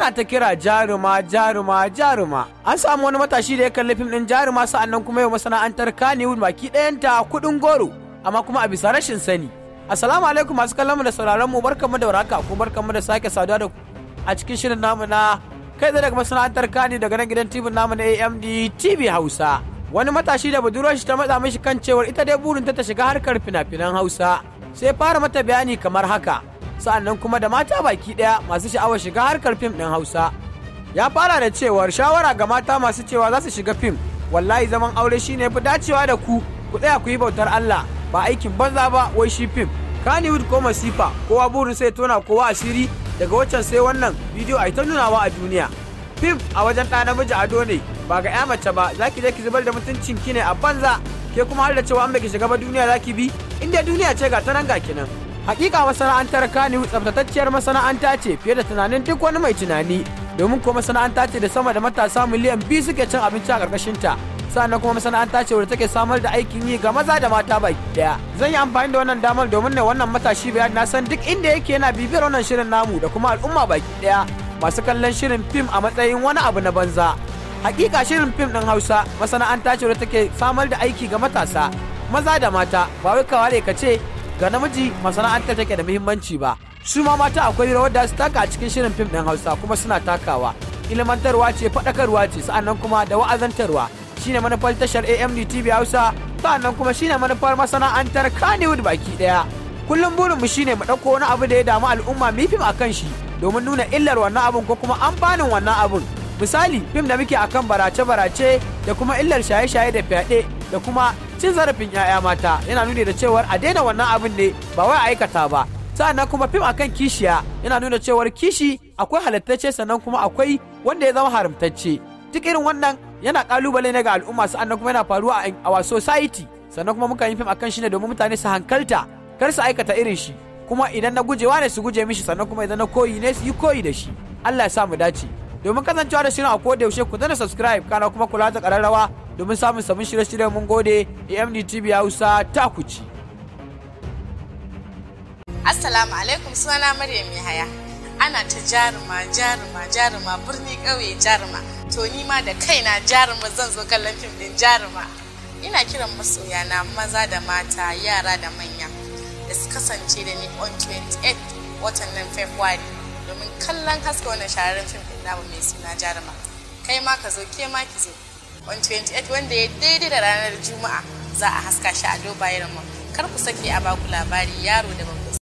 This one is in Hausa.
ana ta kira jaruma jaruma jaruma an samu wani matashi da ya kalli fim din jaruma sa'annan kuma yau masana'antar Kannywood baki ɗayanta kuɗin goro amma kuma a bisa rashin sani assalamu alaikum masu kallon mu da sauraron mu barkamu da waraka ko barkamu da sake saduwa da ku. a cikin shirin namu na kai daga masana'antar Kani daga nan gidan TV namu na AMD TV Hausa wani matashi da budurwar shi ta matsa mishi kan cewar ita dai burin ta ta shiga harkar fina-finan Hausa sai fara mata bayani kamar haka sa'annan kuma da mata baki ɗaya masu sha'awar shiga harkar fim ɗin Hausa. Ya fara da cewa shawara ga mata masu cewa za su shiga fim, wallahi zaman aure shine fi dacewa da ku, ku tsaya ku yi bautar Allah, ba aikin banza ba wai shi fim. Kannywood ko masifa, kowa burin sai tona kowa asiri daga waccan sai wannan bidiyo a ta nunawa a duniya. Fim a wajen ɗa namiji ado ne, ba ga 'ya mace ba, za ki je ki zubar da mutuncin ki ne a banza, ke kuma har da cewa an baki shiga ba duniya za ki bi, inda duniya ce ga ta nan ga kinan. Hakika masana'antar Kanihu tsaftatacciyar masana'anta ce fiye da tunanin duk wani mai tunani domin kuma masana'anta ce da sama da matasa miliyan biyu suke cin abinci a ƙarƙashinta. sannan kuma masana'anta ce wadda take samar da aikin yi ga maza da mata baki daya zan yi amfani da wannan damar domin ne wannan matashi bayani na san duk inda yake yana bibiyar wannan shirin namu da kuma al'umma baki daya masu kallon shirin fim a matsayin wani abu na banza hakika shirin fim din hausa masana'anta ce wadda take samar da aiki ga matasa maza da mata ba wai kawai ka ce ga namiji masana'antar take da muhimmanci ba su ma mata akwai rawar da su taka a cikin shirin fim ɗin hausa kuma suna takawa ilmantarwa ce faɗakarwa ce sa'annan kuma da wa'azantarwa shine manufar tashar amd tv hausa sa'annan kuma shine manufar masana'antar kanewood baki ɗaya kullum mu shine mu ɗauko wani abu da ya damu al'umma mu fim a kan shi domin nuna illar wannan abun ko kuma amfanin wannan abun misali fim da muke akan barace-barace da kuma illar shaye-shaye da fyaɗe da kuma cin zarafin 'ya'ya mata yana nuni da cewar a daina wannan abin ne ba wai aikata ba sannan kuma fim akan kishiya yana nuna cewar kishi akwai halittacce sannan kuma akwai wanda ya zama haramtacce duk irin wannan yana kalubale ne ga al'umma sannan kuma yana faruwa a our society sannan kuma muka yi fim akan shi ne domin mutane su hankalta kar su aikata irin shi kuma idan na gujewa ne su guje mishi sannan kuma idan na koyi ne su yi koyi da shi Allah ya sa mu dace domin kasancewa da shirin a koda yaushe ku dana subscribe kana kuma kula da kararrawa domin samun samun shirye-shiryen mun gode amd hausa ta kuci assalamu alaikum na maryam yahaya ana ta jaruma jaruma jaruma birni kauye jaruma to ni ma da kaina jaruma zan zo kallon fim din jaruma ina kiran masoya na maza da mata yara da manya da su kasance da ni on 28 watan nan february domin kallon haska wannan shahararren fim din namu mai suna jaruma kai ma ka zo ke ma ki zo on 28 wanda ya daidai da ranar juma'a za a haska shi a doba mu kar ku sake a baku labari yaro da babu